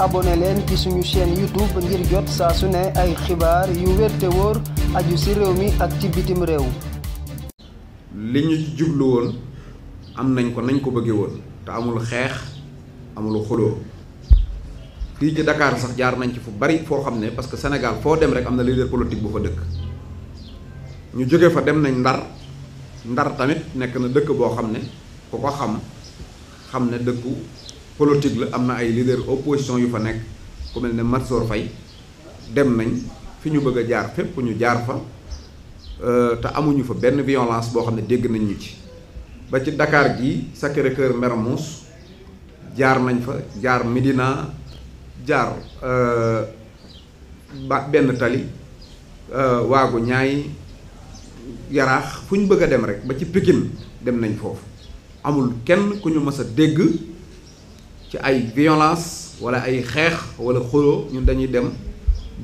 abonné leen ci suñu seen YouTube ngir jot saa su ne ay xibaar yu wér te wóor aju ci réew mi ak ci bitim réew. li ñu jublu woon am nañ ko nañ ko bëggee woon te amul xeex amul xuloo kii ci Dakar sax jaar nañ ci fu bari foo xam ne parce que Sénégal foo dem rek am na leader politique bu fa dëkk ñu jóge fa dem nañ Ndar Ndar tamit nekk na dëkk boo xam ne ku ko xam xam ne dëkku politique la am na ay leader opposition yu fa nekk ku mel ne Mansour Faye dem nañ fi ñu bëgg a jaar fépp ñu jaar fa euh, te amuñu fa benn violence boo xam ne dégg nañ ñu ci ba ci Dakar gi Sacré-Cœur Mermoz jaar nañ fa jaar Médina jaar euh, ba benn tali euh, waagu ñaay yaraax fu ñu bëgg a dem rek ba ci pikin dem nañ foofu amul kenn ku ñu mës a dégg ci ay violence wala ay xeex wala xuloo ñu dañuy dem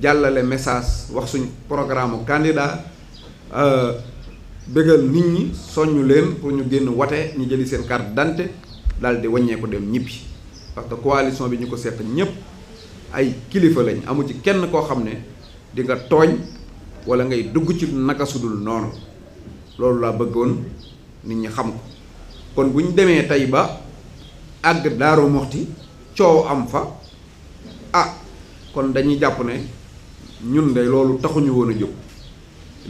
jàllale message wax suñ programme candidat euh, bëggal nit ñi soññu leen pour ñu génn wate ñu jëli seen carte d'identité daal di wàññeeku dem ñibbi parce que coalition bi ñu ko seq ñëpp ay kilifa lañ amul ci kenn koo xam ne dinga tooñ wala ngay dugg ci naka sudul noonu loolu laa bëggoon nit ñi xam ko kon bu ñu demee tey ba àgg Daaru moxti coow am fa ah kon dañuy jàpp ne ñun de loolu taxuñu woon jóg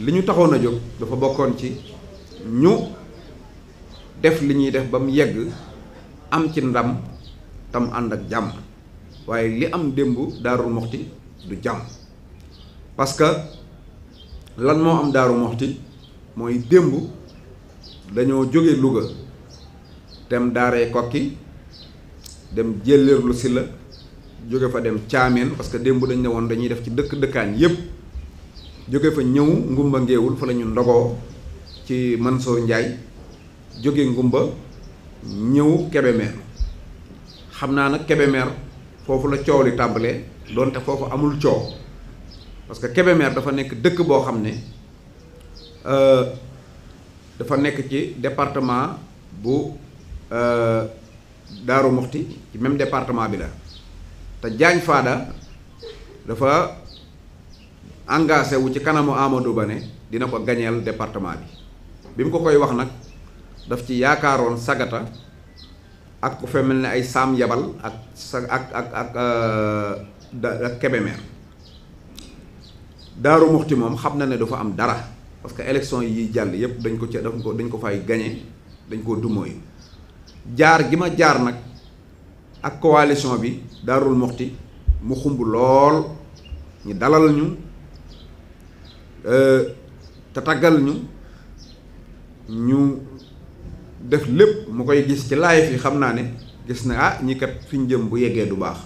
li ñu taxoon a jóg dafa bokkoon ci ñu def li ñuy def ba mu yegg am ci ndam tam ànd ak jàmm waaye li am démb Daaru Muxti du jàmm parce que lan moo am Daaru moxti mooy démb dañoo jóge Louga dem daaree kokki dem jëllërlu si la jóge fa dem caameen parce que démb dañ ne woon dañuy def ci dëkk dëkkaan yépp jóge fa ñëw ngumba ngeewul fa la ñu ndogoo ci man soo Ndiaye jóge ngumba ñëw Kébémer xam naa nag Kébémer foofu la coow li tàmbalee donte foofu amul coow parce que Kébémer dafa nekk dëkk boo xam ne euh, dafa nekk ci département bu euh, Daaru Muxti ci même département bi la te jaañ Fada dafa engagé wu ci kanamu Amadou Ba ne dina ko gañeel département bi bi mu ko koy wax nag daf ci yaakaaroon sagata ak ku fe ne ay saam yabal ak sa ak ak ak euh, ak Kébémer Daaru Muxti moom xam na ne dafa am dara parce que élection yi jàll yépp dañ ko ca dañ dañ ko fay gañe dañ koo dumóoyu jaar gi ma jaar nag ak coalition bi Daarul moxti mu xumb lool ñu dalal ñu euh, te taggal ñu ñu def lépp mu koy gis ci live yi xam naa ne gis na ah ñi kat fi ñu jëm bu yeggee du baax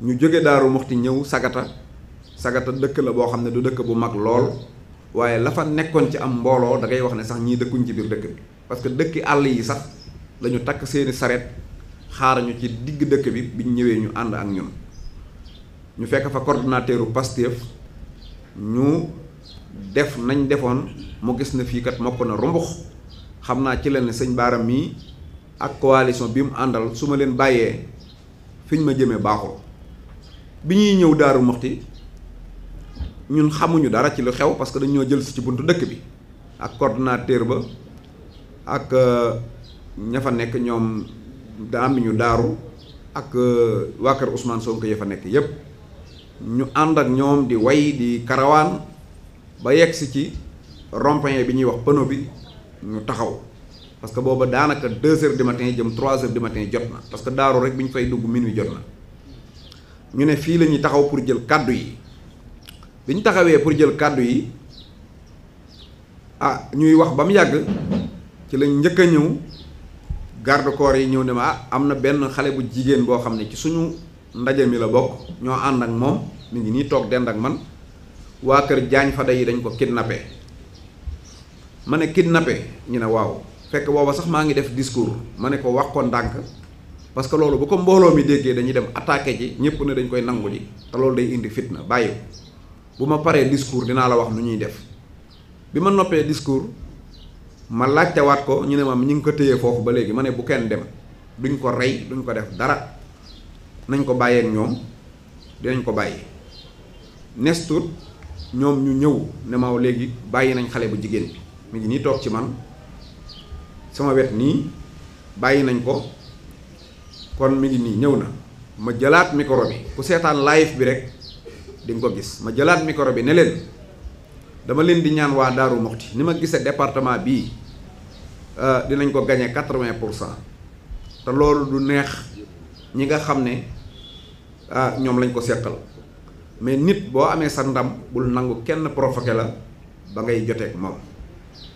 ñu jóge Daaru moxti ñëw sagata sagata dëkk la boo xam ne du dëkk bu mag lool waaye la fa nekkoon ci am mbooloo dangay wax ne sax ñii dëkkuñ ci biir dëkk bi parce que dëkki àll yi sax lañu takk seeni sareet xaarañu ci digg dëkk bi biñ ñëwee ñu ànd ak ñun ñu fekk fa coordonnateur u ñu def nañ defoon mu gis na fii kat mokk na rumbux xam naa ci leen ne sëñ baaram mii ak kowalison bi mu àndal su ma leen bàyyee fiñ ma jëmee baaxul bi ñuy ñëw daaru moxti ñun xamuñu dara ci lu xew parce que dañoo jël si ci buntu dëkk bi ak coordonnateur ba ak euh, ña fa nekk ñoom daa am ñu daaru ak euh, waa kër Ousmane Sonko ya fa nekk yépp ñu ànd ak ñoom di way di karawaan ba yegg si ci rond bi ñuy wax panneau bi ñu taxaw parce que booba daanaka deux heures du matin jëm trois heures du matin jot na parce que daaru rek bi ñu fay dugg minuit jot na ñu ne fii la ñuy taxaw pour jël kàddu yi bi ñu taxawee pour jël kàddu yi ah ñuy wax ba mu yàgg ci lañ njëkk a ñëw garde corps yi ñëw ne ma ah am na benn xale bu jigéen boo xam ne ci suñu ndaje mi la bokk ñoo ànd ak moom mi ngi nii toog dend ak man waa kër jaañ fada yi dañ ko nappe ma ne kidnappé ñu ne waaw fekk booba sax maa ngi def discours ma ne ko wax ko ndànk parce que loolu bu ko mbooloo mi déggee dañuy dem attaqué ji ñëpp na dañ koy nangu di te loolu day indi fitna bàyyi bu ma paree discours dinaa la wax nu ñuy def bi ma noppee discours ma laajtewaat ko ñu ne ma ñu ngi ko téye foofu ba léegi ma ne bu kenn dem duñ ko rey duñ ko def dara nañ ko bàyyeek ñoom dinañ ko bàyyi nestut ñoom ñu ñëw ne ma léegi bàyyi nañ xale bu jigéen bi mu ngi nii toog ci man sama wet nii bàyyi nañ ko kon mi ngi nii ñëw na ma jëlaat micro bi ku seetaan live bi rek di ko gis ma jëlaat micro bi ne leen dama leen di ñaan waa Daaru Moxti ni ma gisee département bii euh, dinañ ko gañe quatre-vingts pour cent te loolu du neex ñi nga xam ne ah ñoom lañ ko seqal mais nit boo amee sa ndam bul nangu kenn provoqué la ba ngay joteeg moom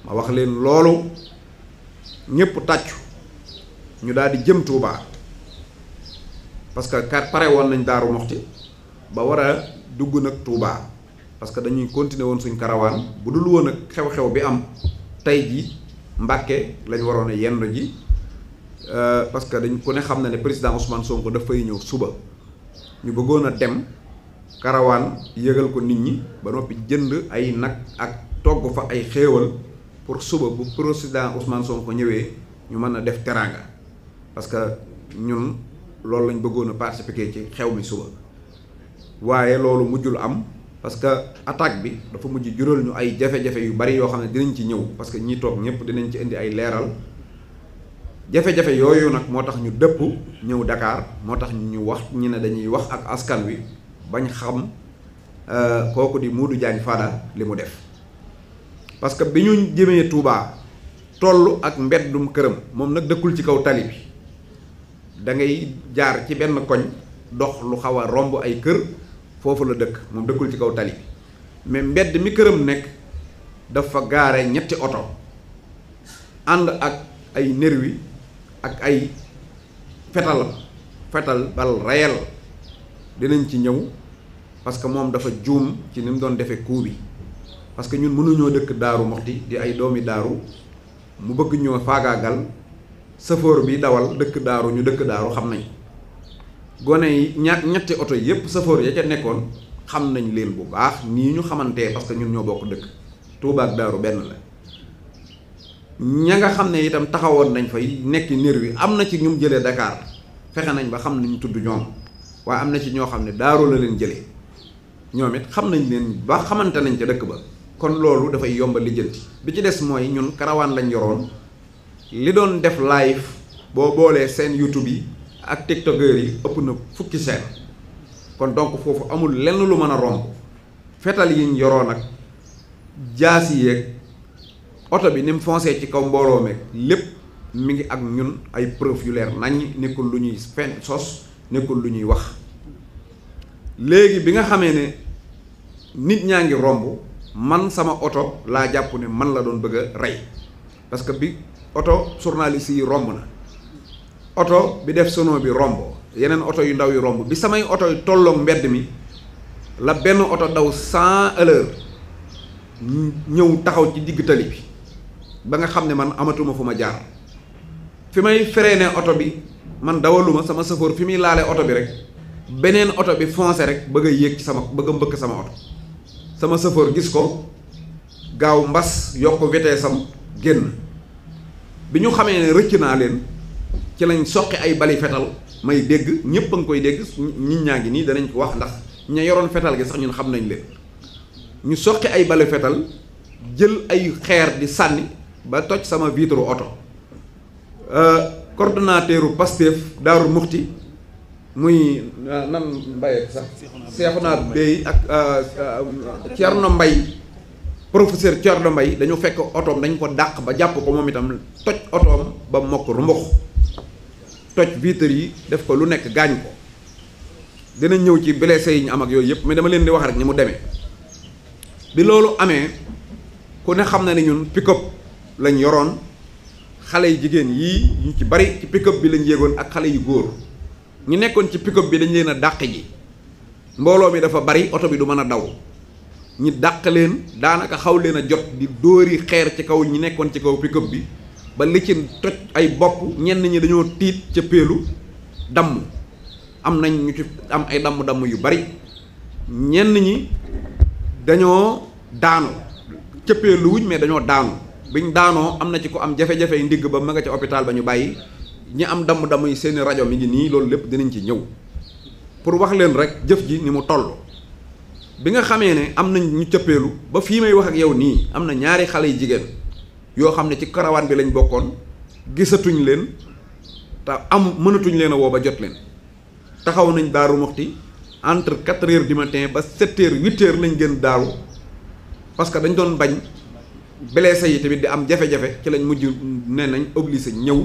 ma wax leen loolu ñëpp tàccu ñu daal di jëm tuubaa parce que kat pare woon nañ Daaru Moxti ba war a dugg nag tuubaa parce que dañuy continuer woon suñ karawaan bu dul woon ak xew-xew bi am tey ji Mbàkke lañ waroon a yendu ji euh, parce que dañ ku ne xam na ne président Ousmane Sonko dafay ñëw suba ñu bëggoon a dem karawaan yëgal ko nit ñi ba noppi jënd ay nag ak togg fa ay xéewal pour suba bu président Ousmane Sonko ñëwee ñu mën a def teraanga parce que ñun loolu lañ bëggoon a participer ci xew mi suba waaye loolu mujjul am parce que attaque bi dafa mujj jural ñu ay jafe-jafe yu bari yoo xam ne dinañ ci ñëw parce que ñi toog ñëpp dinañ ci indi ay leeral jafe-jafe yooyu nag moo tax ñu dëpp ñëw dakaar moo tax ñu wax ñi ne dañuy wax ak askan wi bañ xam euh, kooku di Modou Diagne Fada li mu def parce que bi ñu jëmee Touba toll ak mbeddum këram moom nag dëkkul ci kaw tali bi da ngay jaar ci benn koñ dox lu xaw a romb ay kër foofu la dëkk moom dëkkul ci kaw tali mais mbedd mi këram nekk dafa gaare ñetti oto ànd ak ay nerwi ak ay fetal fetal bal rayal dinañ ci ñëw parce que moom dafa juum ci ni mu doon defee coup bi parce que ñun mënuñoo dëkk daaru moxti di ay doomi daaru mu bëgg ñoo faagaagal safoor bi dawal dëkk daaru ñu dëkk daaru xam nañ gone yi ñaar ñetti oto yëpp safoor ya ca nekkoon xam nañ leen bu baax nii ñu xamantee parce que ñun ñoo bokk dëkk Touba ak Daaru benn la ña nga xam ne itam taxawoon nañ fay nekki nér wi am na ci ñum jëlee Dakar fexe nañ ba xam nañ tudd ñoom waaye am na ci ñoo xam ne Daaru la leen jële ñoom it xam nañ leen ba xamante nañ ca dëkk ba kon loolu dafay yomba lijjanti bi ci des mooy ñun karawaan lañ yoroon li doon def live boo boolee seen YouTube yi ak tiktokeur yi ëpp na fukki seen kon donc foofu amul lenn lu mën a romb fetal yiñ yoroon ak jaasi yeeg oto bi ni mu ci kaw mbooloo meeg lépp mi ngi ak ñun ay preuve yu leer naññ nekkul lu ñuy fen sos nekkul lu ñuy wax léegi bi nga xamee ne nit ñaa ngi romb man sama oto laa jàpp ne man la doon bëgg a rey parce que bi oto journaliste yi romb na oto bi def sono bi romb yeneen oto yu ndaw yu romb bi samay oto yu tolloog mbedd mi la benn oto daw cent à ñëw taxaw ci digg tali bi ba nga xam ne man amatuma fu ma jaar fi may freiné oto bi man dawaluma sama safoor fi muy laale oto bi rek beneen oto bi foncé rek bëgg a yéeg ci sama bëgg a mbëkk sama oto sama safoor gis ko gaaw mbas yokk vitesse am génn bi ñu xamee ne rëcc naa leen ci lañ soqi ay bali fetal may dégg ñëpp a koy dégg ñit ñaa ngi nii danañ ko wax ndax ña yoroon fetal gi sax ñun xam nañ leen ñu soqi ay bali jël ay xeer di sànni ba toj sama vitre oto euh, coordonnateuru Pastef Daaru Muxti muy euh, nan Mbaye sax naa Bey ak Thierno euh, Mbaye professeur Thierno Mbaye dañu fekk otoom dañ ko dàq ba jàpp ko moom itam toj otoom ba mokk rumbux toj vitres yi def ko lu nekk gaañ ko dina ñëw ci blessé yi ñu am ak yooyu yëpp mi dama leen di wax rek ni mu demee bi loolu amee ku ne xam na ne ñun pick-up lañ yoroon xale yu jigéen yi ñu ci bari ci pick bi lañ yéegoon ak xale yu góor ñu nekkoon ci pick bi dañ leen a dàq ji mbooloo mi dafa bari oto bi du mën a daw ñi dàq leen daanaka xaw leen a jot di dóori xeer ci kaw ñi nekkoon ci kaw pick bi ba li ci toj ay bopp ñenn ñi dañoo tiit ca damm am nañ ñu ci am ay damm-damm yu bari ñenn ñi dañoo daanu ca péelu mais dañoo daanu biñ daanoo am na ci ko am jafe-jafe yu ndigg ba ma nga ca hôpital ba ñu bàyyi ñi am damm-damm yi seeni rajo mi ngi nii loolu lépp dinañ ci ñëw pour wax leen rek jëf ji ni mu toll bi nga xamee ne am nañ ñu cëppeelu ba fii may wax ak yow nii am na ñaari xale yu jigéen yoo xam ne ci karawaan bi lañ bokkoon gisatuñ leen te am mënatuñ leen a woo ba jot leen taxaw nañ daaru muxti entre quatre heures du matin ba sept heures huit heures lañ gën daaru parce que dañ doon bañ blessé yi tamit di am jafe-jafe ci lañ mujj ne nañ obligé ñëw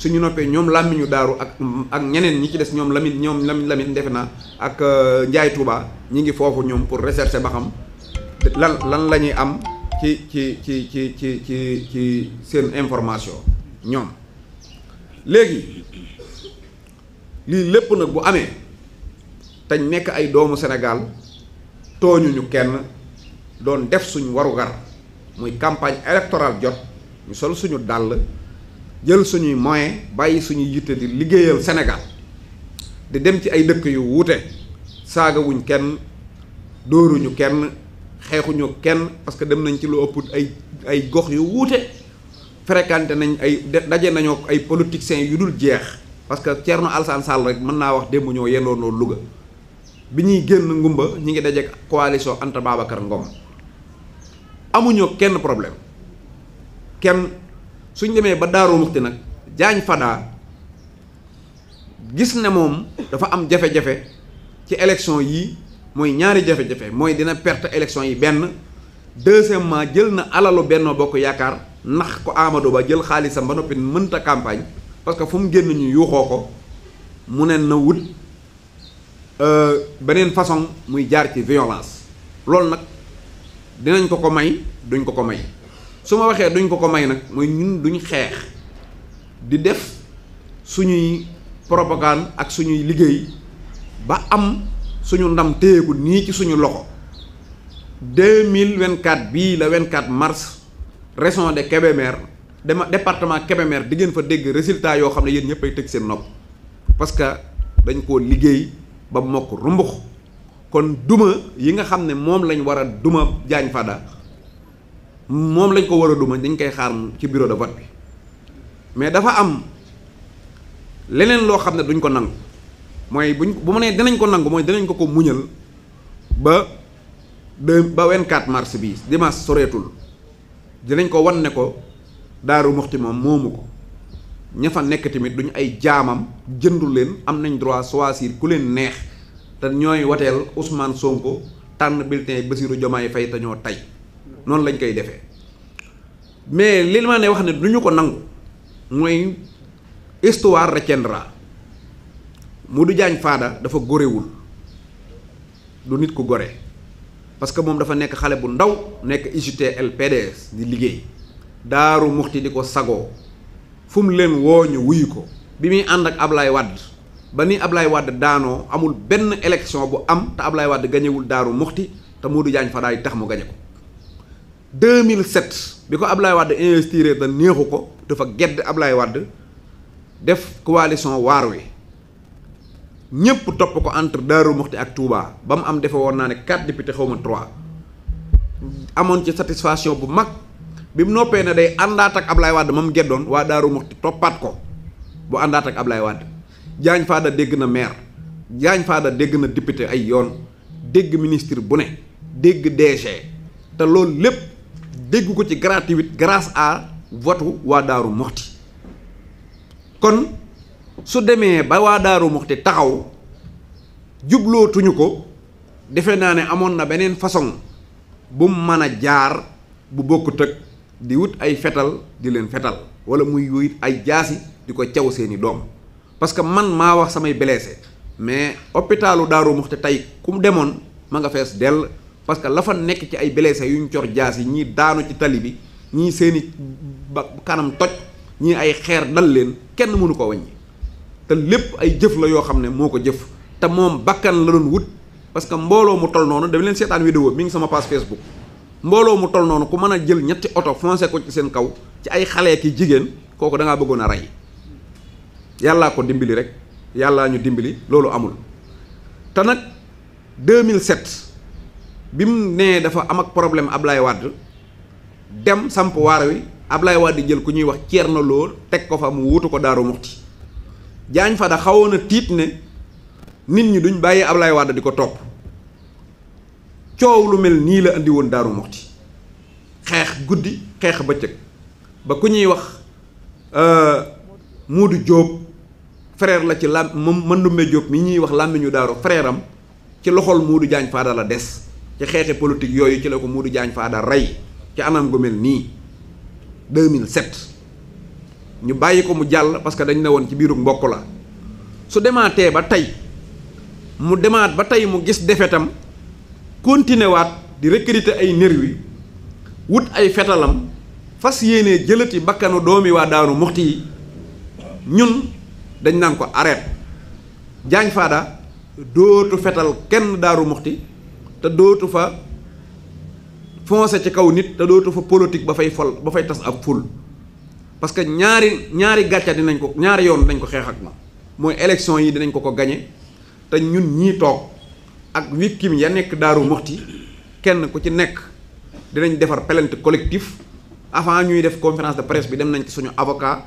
suñu noppee ñoom làmmiñu daaru ak ak ñeneen ñi ci des ñoom lamin ñoom lamin lamin defe naa ak euh, njaay Touba ñi ngi foofu ñoom pour rechercher ba xam lan lañuy am ci ci ci ci ci ci ci seen information ñoom léegi lii lépp nag bu amee te nekk ay doomu tooñu ñu kenn doon def suñu warugar muy campagne électorale jot ñu sol suñu dàll jël suñuy moyen bàyyi suñuy yitte di liggéeyal Sénégal di dem ci ay dëkk yu wuute saagawuñ kenn dóoruñu kenn xeexuñu kenn parce que dem nañ ci lu ëpp ay ay gox yu wuute fréquenté nañ ay daje nañoo ay politiciens yu dul jeex parce que Thierno Alassane Sall rek mën naa wax démb ñoo yendoonoo Louga bi ñuy génn ngumba ñu ngi daje coalition Anta Babacar Ngom amuñoo kenn problème kenn suñ demee ba Daaru Muxti nag Diagne Fada gis ne moom dafa am jafe-jafe ci élection yii mooy ñaari jafe-jafe mooy dina perte élection yi benn deuxièmement jël na alalu Benno Bokk Yaakaar nax ko amado Ba jël xaalisam ba noppi mënta campagne parce que fu mu génn ñu yuuxoo ko mu ne na wut euh, beneen façon muy jaar ci violence loolu nag dinañ ko ko may duñ ko ko may su ma waxee duñ ko ko may nag mooy ñun duñ xeex di def suñuy propagande ak suñuy liggéey ba am suñu ndam téyeeku nii ci suñu loxo 2024 bii la 24 mars région de Kébémer dema département Kébémer di ngeen fa dégg résultat yoo xam ne yéen ñëpp ay tëj seen nopp parce que dañ koo liggéey ba mokk rumbux kon duma yi nga xam ne moom lañ war a duma Diagne Fada moom lañ ko war a duma dañ koy xaar ci biro de vote bi mais dafa am leneen loo xam ne duñ ko nangu mooy buñ bu ma nee dinañ ko nangu mooy dinañ ko ko muñal ba de ba 24 mars bi dimanche soreetul dinañ ko wan ne ko daaru muxti moom moomu ko ñafa nekk tamit duñ ay jaamam jëndu leen am nañ droit choisir ku leen neex te ñooy wateel Ousmane Sonko tànn bulletin Bassirou Diomaye Faye te ñoo tey noonu lañ koy defee mais li ma ne wax ne duñu ko nangu mooy histoire retiendra Modou jaañ Fada dafa góorewul du nit ku gore parce que moom dafa nekk xale bu ndaw nekk UJTL PDS di liggéey daaru muxti di ko sagoo fu mu leen woo ñu wuyu ko bi muy ànd ak Ablaye wàdd ba ni Ablaye wàdd daanoo amul benn élection bu am te Ablaye Wade gañewul daaru moxti te Modou Diagne Fada yi tax mu gañe ko 2007 bi ko Ablaye wàdd investir da neexu ko dafa gedd Ablaye Wade def coalition waar wi ñëpp topp ko entre Daaru moxti ak Touba ba mu am defe woon naa ne 4 député xaw ma 3 amoon ci satisfaction bu mag bi mu noppee na day àndaat ak Ablaye Wade ma mu geddoon waa Daaru Muxti toppaat ko bu àndaat ak Ablaye Wade Diagne Fada dégg na maire jaañ Fada dégg na député ay yoon dégg ministre bu ne dégg DG te loolu lépp dégg ko ci gratuite grâce à votu waa Daaru Muxti kon su demee ba waa Daaru Muxti taxaw jublootuñu ko defe naa ne amoon na beneen façon bu mu mën a jaar bu bokk ak di wut ay fetal di leen fetal wala muy wut ay jaasi di ko caw seeni doom parce que man maa wax samay blessé mais hôpitalu Daaru Muxti tey ku mu demoon ma nga fees dell parce que la nekk ci ay blessé yu ñu cor jaas yi ñii daanu ci tali bi ñii seeni ba kanam toj ñii ay xeer dal leen kenn mënu ko wàññi te lépp ay jëf la yoo xam ne moo ko jëf te moom bakkan la doon wut parce que mbooloo mu tol noonu dama leen seetaan vidéo mi ngi sama page Facebook mbooloo mu tol noonu ku mën a jël ñetti oto foncé ko ci seen kaw ci ay xale ki jigéen kooku da bëggoon a rey yàllaa ko dimbali rek yàllaa ñu dimbali loolu amul te nag 2007 bi mu nee dafa am ak problème Ablaye Wade dem samp waar wi Ablaye Wade jël ku ñuy wax ceer na lool teg ko fa mu wutu ko Daaru Muxti jaañ Fada xawoon na tiit ne nit ñi duñ bàyyi Ablaye Wade di ko topp coow lu mel nii la indi woon Daaru Muxti xeex guddi xeex bëccëg ba ku ñuy wax euh, Moodu Diop frère la ci lam moom Mandumbe Diop mi ñuy wax ñu Daaru frère am ci loxol Moodu Diagne Fada la des ci xeexi politique yooyu ci la ko muudu Diagne Fada rey ci anam gu mel nii 2007 ñu bàyyi ko mu jàll parce que dañ ne woon ci biiru mbokk la su demaatee ba tey mu demaat ba tey mu gis defetam continué waat di recruter ay nervi wut ay fetalam fas yéenee jëlati bakkanu doom doomi waa daaru muxti yi ñun dañ naan ko arrêté Diagne Fada dootu fetal kenn daaru moxti te dootu fa foncé ci kaw nit te dootu fa politique ba fay fol ba fay tas ab ful parce que ñaari ñaari gàcca dinañ ko ñaari yoon dañ ko xeex ak moom mooy élection yi dinañ ko ko gañe te ñun ñii toog ak victime ya nekk Daaru Muxti kenn ku ci nekk dinañ defar plainte collectif avant ñuy def conférence de presse bi dem nañ ci suñu avocat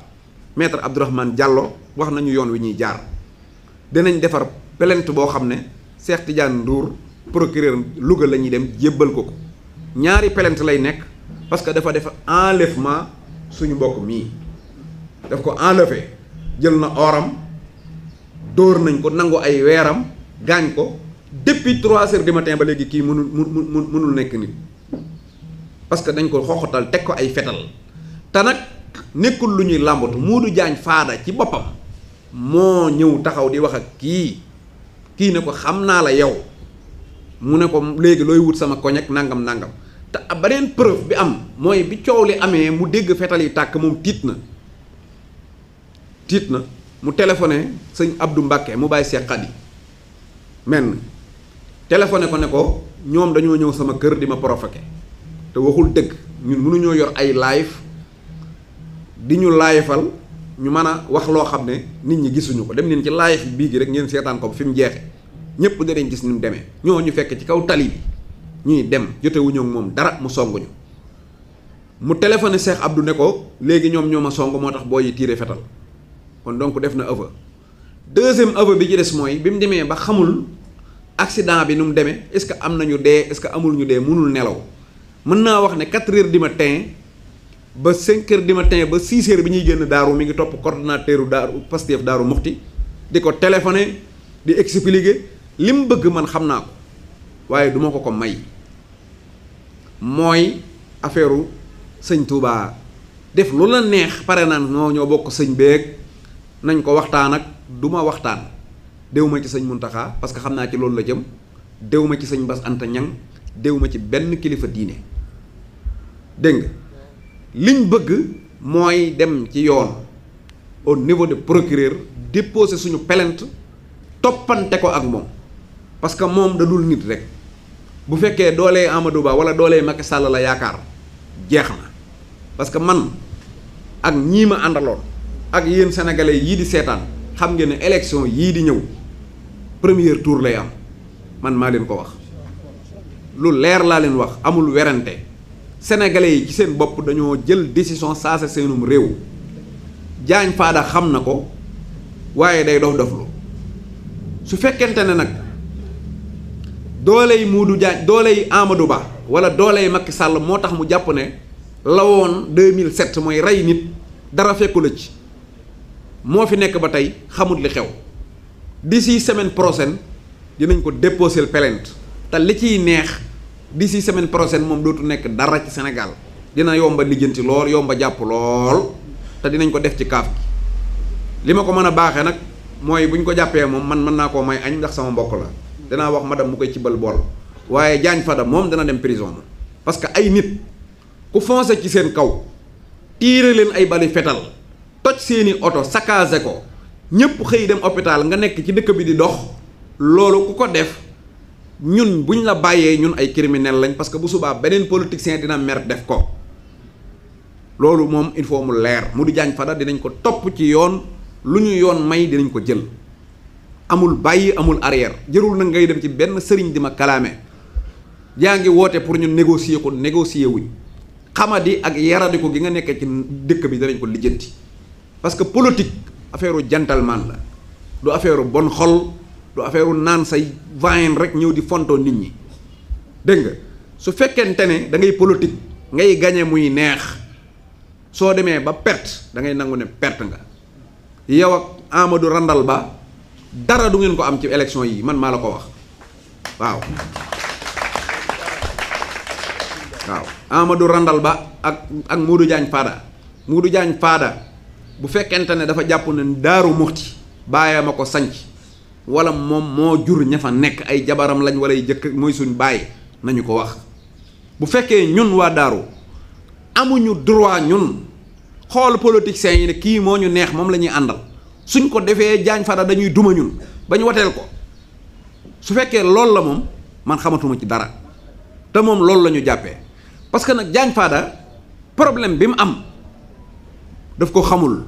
maître Abdourahmane Diallo wax nañu yoon wi ñuy jaar dinañ defar plainte boo xam ne Cheikh Tidiane Ndour procureur Louga la ñuy dem jébbal ko ko ñaari plainte lay nekk parce que dafa def enlèvement suñu mbokk mii daf ko enlevé jël na oram dóor nañ ko nangu ay weeram gaañ ko depuis trois heures du ba léegi kii mënul mënul mënul nekk nit parce que dañ ko xoxotal teg ko ay fetal te nag nekkul lu ñuy làmbatu Modou Diagne Fada ci boppam moo ñëw taxaw di wax ak kii kii ne ko xam naa la yow mu ne ko léegi looy wut sama koñ ak nangam nangam te beneen preuve bi am mooy bi coow li amee mu dégg fetal yi tàkk moom tiit na tiit na mu téléphoné sëñ Abdou Mbacke mu bàyyi Cheikh Khady men téléphoné ko ne ko ñoom dañoo ñëw sama kër di ma provoqué te waxul dëgg ñun mënuñoo yor ay live di ñu laayfal ñu mën a wax loo xam ne nit ñi gisuñu ko dem leen ci live bii gi rek ngeen seetaan ko fi mu jeexe ñëpp danañ gis ni mu demee ñoo ñu fekk ci kaw tali bi. ñuy dem jotewuñu moom dara mu songuñu mu téléphoné Cheikh Abdou ne ko léegi ñoom ñoo ma song moo tax booy yi tiire fetal kon donc def na aveu deuxième aveu bi ci des mooy bi mu demee ba xamul accident bi nu mu demee est-ce que am nañu dee est-ce que amul ñu dee mënul nelaw mën naa wax ne 4 heures du matin ba 5 di ma matin ba 6 bi ñuy génn daaru mi ngi topp coordonnateur daaru Pastef daaru Muxti di ko téléphoné di expliquer li mu bëgg mën xam naa ko. waaye duma ko ko may mooy affaire sëñ Touba def lu la neex pare naan noo ñoo bokk sëñ beeg nañ ko waxtaan ak duma waxtaan déw ma ci sëñ Muntaxa parce que xam naa ci loolu la jëm déw ma ci sëñ Bas Anta Ñang déw ma ci benn kilifa diine dégg nga liñ bëgg mooy dem ci yoon au niveau de procureur déposer suñu plainte toppante ko ak moom parce que moom da dul nit rek bu fekkee doolee Amadou Ba wala doolee Macky Sall la yaakaar jeex na parce que man ak ñiima ma àndaloon ak yéen sénégalais yii di seetaan xam ngeen ne élection yii di ñëw premier tour lay am man maa leen ko wax lu leer laa leen wax amul werante sénégalais yi ci seen bopp dañoo jël décision saasa seenum réew jaañ faada xam na ko waaye day dof doflu su fekkente ne nag doole yi dooley Modou doole yi Amadou Ba wala dooley Macky sàll moo tax mu jàpp ne la woon 2007 mooy rey nit dara fekku la ci moo fi nekk ba tey xamut li xew d'ici semaine prochaine dinañ ko déposer plainte te li ciy neex d'ici semaine prochaine moom dootu nekk dara ci Sénégal dina yomba lijjanti lool yomba jàpp lool te dinañ ko def ci kaaf gi li ma ko mën a baaxee nag mooy buñ ko jàppee moom man mën naa koo may añ ndax sama mbokk la danaa wax madame mu koy cibbal bool waaye Diagne Fada moom dana dem prison moom parce que ay nit ku foncé ci seen kaw tiire leen ay bali fetal toj seeni oto saccagé ko ñëpp xëy dem hôpital nga nekk ci dëkk bi di dox loolu ku ko def ñun buñ la bàyyee ñun ay criminel lañ parce que bu subaa beneen politicien dina mer def ko loolu moom il faut mu leer mu di Diagne Fada dinañ ko topp ci yoon lu ñu yoon may dinañ ko jël amul bàyyi amul arrière jërul nag ngay dem ci benn sëriñ di ma kalaame yaa ngi woote pour ñu négocier ko négocier wuñ xamadi ak yaradiku gi nga nekkee ci dëkk bi danañ ko lijjanti parce que politique affaire gentleman la du affaire bon xol du affaire naan say vayen rek ñëw di fontoo nit ñi dégg nga su fekkente ne da ngay politique ngay gañe muy neex soo demee ba perte da ngay nangu ne perte nga yow ak Amadou Randal Ba dara du ngeen ko am ci élection yi man maa la ko wax waaw waaw amadu Randal Ba ak ak Modou Diagne Fada Modou Diagne bu fekkente ne dafa jàpp ne daaru muxti bàyyee a ko sanc wala moom moo jur ña fa nekk ay jabaram lañ wala ay jëkk mooy suñ bàyyi nañu ko wax bu fekkee ñun waa daaru amuñu droit ñun xool politiciens yi ne kii moo ñu neex moom lañuy àndal suñ ko defee jaañ fada dañuy duma ñun ba ñu wateel ko su fekkee loolu la moom man xamatuma ci dara te moom loolu la ñu jàppee parce que nag jaañ fada problème bi mu am daf ko xamul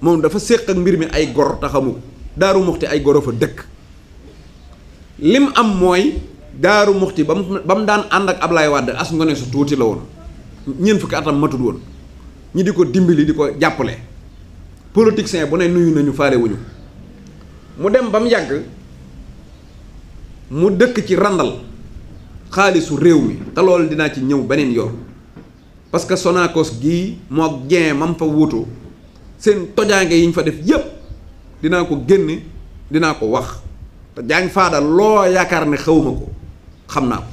moom dafa séq ak mbir mi ay gor te xamu daaru muxti ay goro fa dëkk mu am mooy daaru muxti ba mu ba mu daan ànd ak Ablaye Wade as ngone su tuuti la woon ñeent fukki atam matut woon ñi di ko dimbali di ko jàppale politicien bu ne nuyu nañu faale wuñu mu dem ba mu yàgg mu dëkk ci randal xaalisu réew mi te loolu dinaa ci ñëw beneen yoon parce que Sonacos gii moo gen mam fa wuutoo seen tojaange yi fa def yépp dinaa ko génne dinaa ko wax te jaañ faada loo yaakaar ne xewuma ko xam naa ko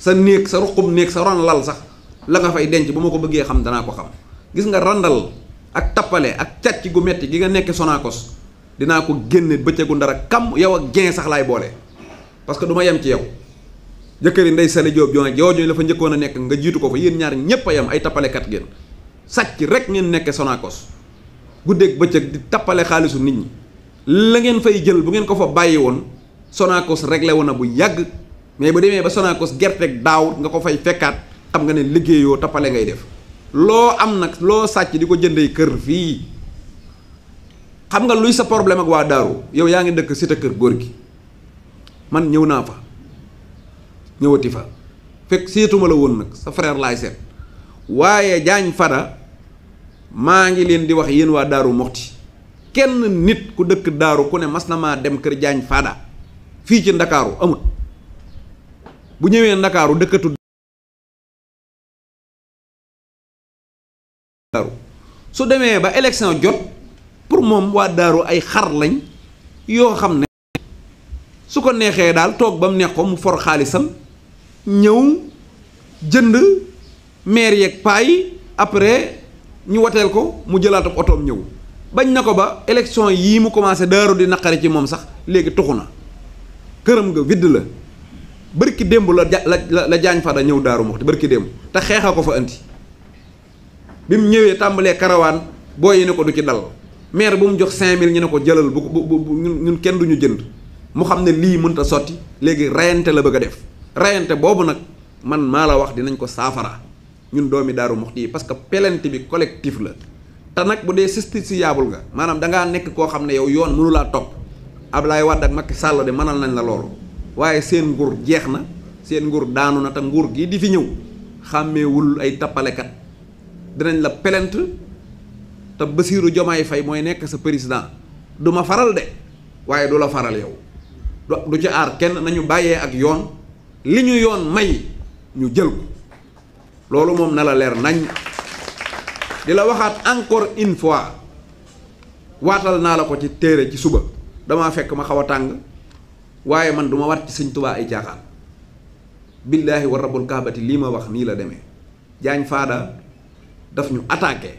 sa néeg sa ruqub néeg sa ron lal sax la nga fay denc bu ma ko bëggee xam danaa ko xam gis nga randal ak tappale ak càcc gu metti gi nga nekk sonaakos dinaa ko génne bëccëgu ndara kam yow ak gain sax laay boole parce que du ma yem ci yow jëkkër yi Ndeye Sali Diop yoon jooju la fa njëkkoon a nekk nga jiitu ko fa yéen ñaar ñépp a yem ay tappalekat ngeen sàcc rek ngeen nekk Sonacos guddeeg bëccëg di tappale xaalisu nit ñi la ngeen fay jël bu ngeen ko fa bàyyi woon Sonacos réglé woon na bu yàgg mais bu demee ba Sonacos gerteeg daaw nga ko fay fekkaat xam nga ne liggéeyoo tappale ngay def loo am nag loo sàcc di ko jëndee kër fii xam nga luy sa problème ak waa daaru yow yaa ngi dëkk cité kër góor gi man ñëw naa fa ñëwati fa fekk seetuma la woon nag sa frère laay set waaye jaañ fada maa ngi leen di wax yéen waa daaru moxti kenn nit ku dëkk daaru ku ne mas na maa dem kër jaañ fada fii ci ndakaaru amut bu ñëwee ndakaaru dëkkatu su demee ba élection jot pour moom waa daaru ay xar lañ yoo xam ne su ko neexee daal toog ba mu neex ko mu for xaalisam ñëw jënd maire yeeg paay après ñu wateel ko mu jëlaat otoom ñëw bañ na ko ba élection yii mu commencé daaru di naqari ci moom sax léegi tuxu na këram nga vidd la bërki démb la la la jaañ fa da ñëw daaru moxti bërki démb te xeexal ko fa andi bi mu ñëwee tàmbalee karawaan booy yi ne ko du ci dal maire bu mu jox 5000 ñu ne ko jëlal bu bu ñun kenn duñu jënd mu xam ne lii mënta sotti léegi reyante la bëgg a def reyante boobu nag man maa la wax dinañ ko saafara ñun doomi Daaru Muxti yi parce que pelente bi collectif la te nag bu dee justiciable nga maanaam dangaa nekk koo xam ne yow yoon mënu laa topp Ablaye Wade ak Macky Sall de mënal nañ la loolu waaye seen nguur jeex na seen nguur daanu na te nguur gii di fi ñëw xàmmeewul ay tappalekat dinañ la plainte te basiiru Diomaye fay mooy nekk sa président du ma faral de waaye du la faral yow du ci aar kenn nañu bàyyee ak yoon li ñu yoon may ñu jël ko loolu moom na la leer nañ di la waxaat encore une fois waatal naa la ko ci téere ci suba dama fekk ma xaw a tàng waaye man duma wat ci sëñ tubaa ay caaxaan billaahi wa rabbul kaabati lii ma wax nii la demee jaañ faada daf ñu attaqué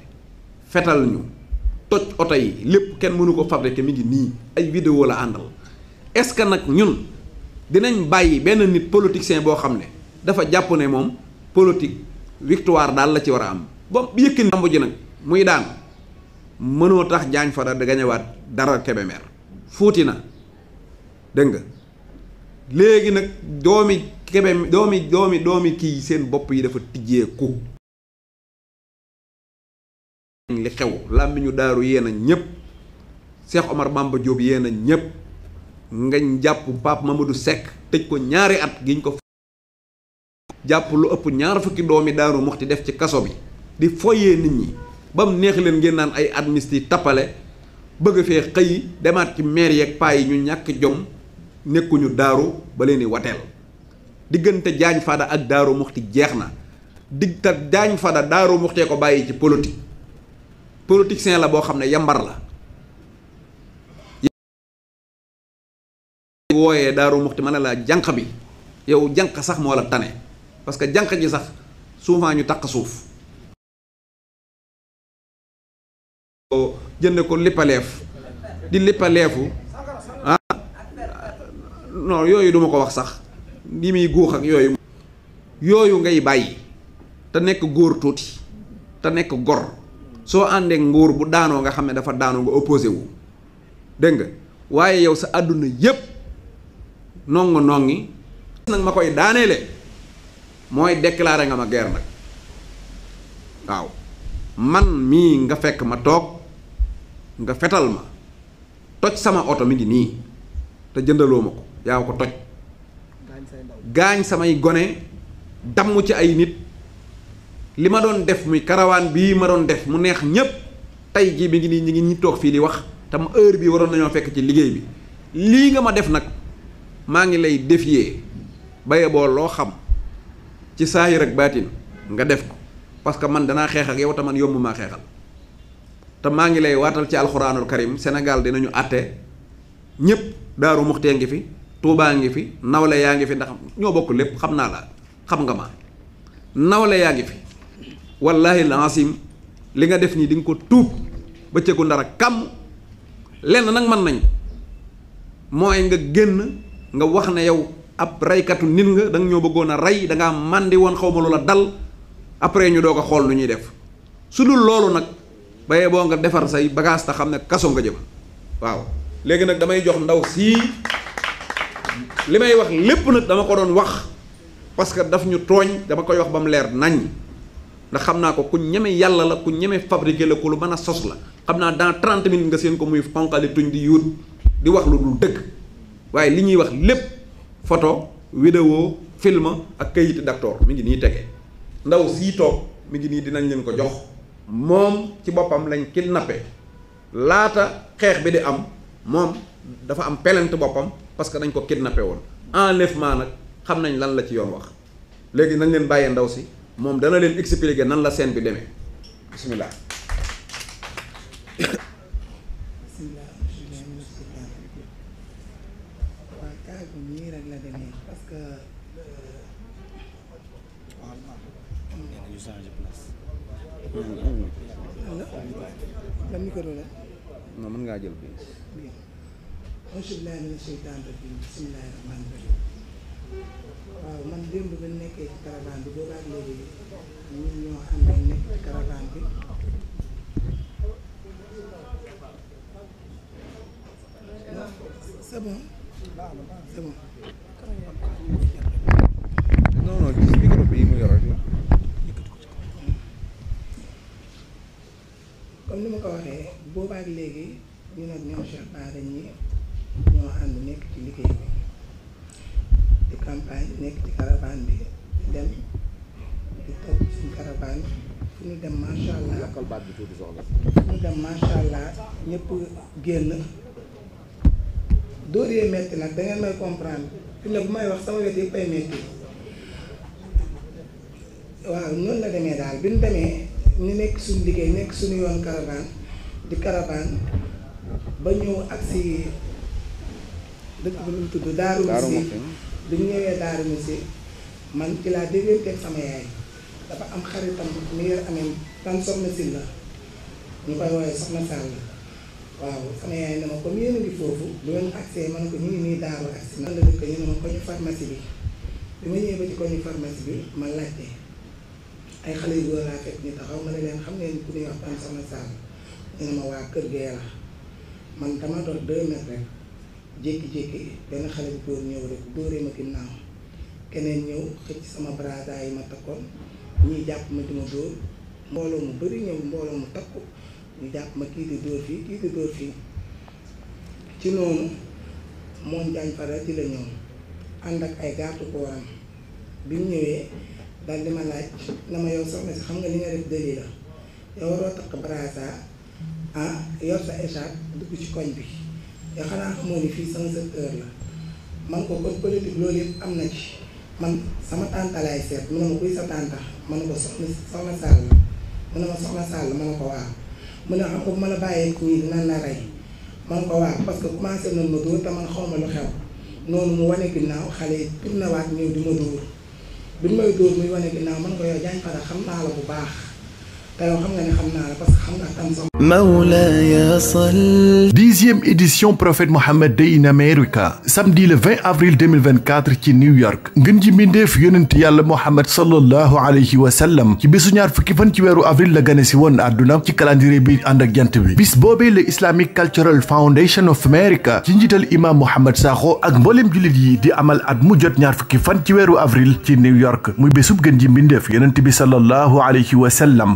fetal ñu toj oto yi lépp kenn mënu ko fabriqué mi ngi nii ay vidéo la àndal est-ce que nag ñun dinañ bàyyi benn nit politicien boo xam ne dafa jàpp ne moom politique victoire daal la ci war a am ba yëkkani lamb ji nag muy daan mënoo tax jaañ fada da gañewaat dara Kébémer fuuti na dégg nga léegi nag doomi Kébémer doomi doomi doomi kii seen bopp yi dafa tijjeeku li xew làmmiñu daaru yéen ñëpp Cheikh Omar Bamba Diop yéen a ñëpp ngañ jàpp Pape Mamadou Seck tëj ko ñaari at giñ ko jàpp lu ëpp ñaar fukki doom doomi daaru muxti def ci kaso bi di foyee nit ñi ba mu neex leen ngeen naan ay amnistie tappale bëgg fee xëy demaat ci maire yeeg paa yi ñu ñàkk jom nekkuñu daaru ba leen wateel diggante Diagne Fada ak daaru muxti jeex na dig ta Diagne Fada daaru muxtee ko bàyyi ci politique politicien la boo xam ne yambar la wooyee daaru muxti ma ne la jànq bi yow jànq sax moo la tane parce que jànq ji sax souvent ñu takk suuf jënd ko lippaleef di lippaleefu ah yooyu duma ko wax sax li muy guux ak yooyu yooyu ngay bàyyi te nekk góor tuuti te nekk gor soo àndee nguur bu daanoo nga xam ne dafa daanu nga opposé wu dégg nga waaye yow sa àdduna yépp nongu nongi nag ma koy daaneele mooy déclaré nga ma guerre nag waaw man mii nga fekk ma toog nga fetal ma toj sama oto mi ngi nii te jëndaloo ma ko yaaw ko toj gaañ samay gone damm ci ay nit li ma doon def muy karawaan bii ma doon def mu neex ñépp tey jii bi ngi nii ñi ngi ñi toog fii di wax te tam heure bi waroon nañoo fekk ci liggéey bi lii nga ma def nag maa ngi lay défier baye loo xam ci saa saahir ak baatin nga def ko parce que man danaa xeex ak yow te man yomb maa xeexal te maa ngi lay waatal ci alxuraanul karim senegal dinañu àtte ñépp daaru muxtee ngi fi tuubaa ngi fi nawle yaa ngi fi ndax ñoo bokk lépp xam naa la xam nga ma nawle yaa ngi fi wallahi laasim li nga def nii di ko tuub ba cëgu ndara kàmm lenn nag mën nañ mooy nga génn nga wax ne yow ab reykatu nit nga da nga ñoo bëggoon a rey da ngaa màndi woon xaw ma lu la dal après ñu doog a xool lu ñuy def su dul loolu nag ba boo nga defar say bagage ta xam ne kaso nga jëm waaw léegi nag damay jox ndaw sii li may wax lépp nag dama ko doon wax parce que daf ñu tooñ dama koy wax ba mu leer nañ ndax xam naa ko ku ñeme yàlla la ku ñeme fabriqué la ku lu mën a sos la xam naa dans trente minutes nga seen ko muy xonqali tuñ di yuut di wax lu dul dëkk waaye li ñuy wax lépp photo vidéo film ak kayitu daktoor mi ngi nii tege ndaw sii toog mi ngi nii dinañ leen ko jox moom ci boppam lañ nappe laata xeex bi di am moom dafa am pelente boppam parce que dañ ko kidnappé woon enlèvement nag xam nañ lan la ci yoon wax léegi nañ leen bàyyee ndaw si moom dana leen expliquer nan la scène bi demee bismillah non mën ngaa jël bi auzu billaahi mina sheytaani rajiim bismillaahi rahmaani rahiim man démb ba nekkee ci caravane bi boobu ak léegi ñun ñoo ne nekk ci caravane bi c'est bon c'est ni ma ko waxee boobu ak léegi ñun ak ñoo ànd nekk ci liggéey bi. du campagne nekk ci caravane bi di dem di topp suñ caravane fu ñu dem macha allah fu dem macha allah ñëpp génn dóor yee metti nag da ngeen may comprendre fi ne bu may wax sama wet yëpp ay metti waaw noonu la demee daal bi ñu demee ñu nekk suñ liggéey nekk suñu yoon caravane di caravane ba ñëw ak si dëkk bi nu mu tudd Darou Moussi bi ñu ñëwee Darou Moussi man ci laa dégganteeg sama yaay dafa am xaritam mi yor amee tan la ñu koy woowee soxna Sall waaw sama yaay ne ma comme yéen a ngi foofu bu ngeen ko ñu ngi nii daaru agsi na la dëkk ñu ne ma koñu pharmacie bi ma ñëwee ba ci koñu pharmacie bi ma laajte ay xale yu góor laa fekk ñu taxaw ma ne leen xam ngeen ku ñuy wax tan soxna Sall ñu ne ma waa kër gee man dama doon deux mètres rek jékki-jékki benn xale bu góor ñëw rek dóoree ma ginnaaw keneen ñëw xëcc sama braada yi ma takkoon ñuy jàpp ma di ma dóor mbooloo mu bari ñëw mbooloo mu takku ñu jàpp ma kii di dóor fii kii di dóor fii ci noonu moom jaañ fara ci la ñëw ànd ak ay gaatu ko bi mu ñëwee daal di ma laaj na ma yow soxna si xam nga li nga def dëli la ah, yor sa écharpe dugg ci koñ bi te xanaa xamoo ni fii sama secteur la man ko kon loolu yëpp am na ci man sama tànta laay seet mu ma kuy sa tànta ma ne ko soxna soxna Sall mu ne ma soxna Sall ma ne ko waaw mu ne xam nga bu ma la bàyyee kuy dina la rey ma ko waaw parce que commencé nañ ma dóor te man xaw ma lu xew noonu mu wane ginnaaw xale yi tourné waat ñëw di ma dóor bi may dóor muy wane ginnaaw man ko yow jaañ fara xam naa la bu baax Mawlaya Sall. dixième édition Prophet Muhammad Day in America samedi le 20 avril 2024 ci New York ngën ji mbindeef yonent yàlla Muhammad sallallahu alayhi wa sallam ci bisu ñaar fukki fan ci weeru avril la gane si woon àdduna ci calendrier bi ànd ak jant bi bis boobee le Islamic Cultural Foundation of America ci njiital imam Mouhamed Sakho ak mbooleem jullit yi di amal at mu jot ñaar fukki fan ci weeru avril ci New York muy bisu gën ji mbindeef yonent bi sallallahu alayhi wa sallam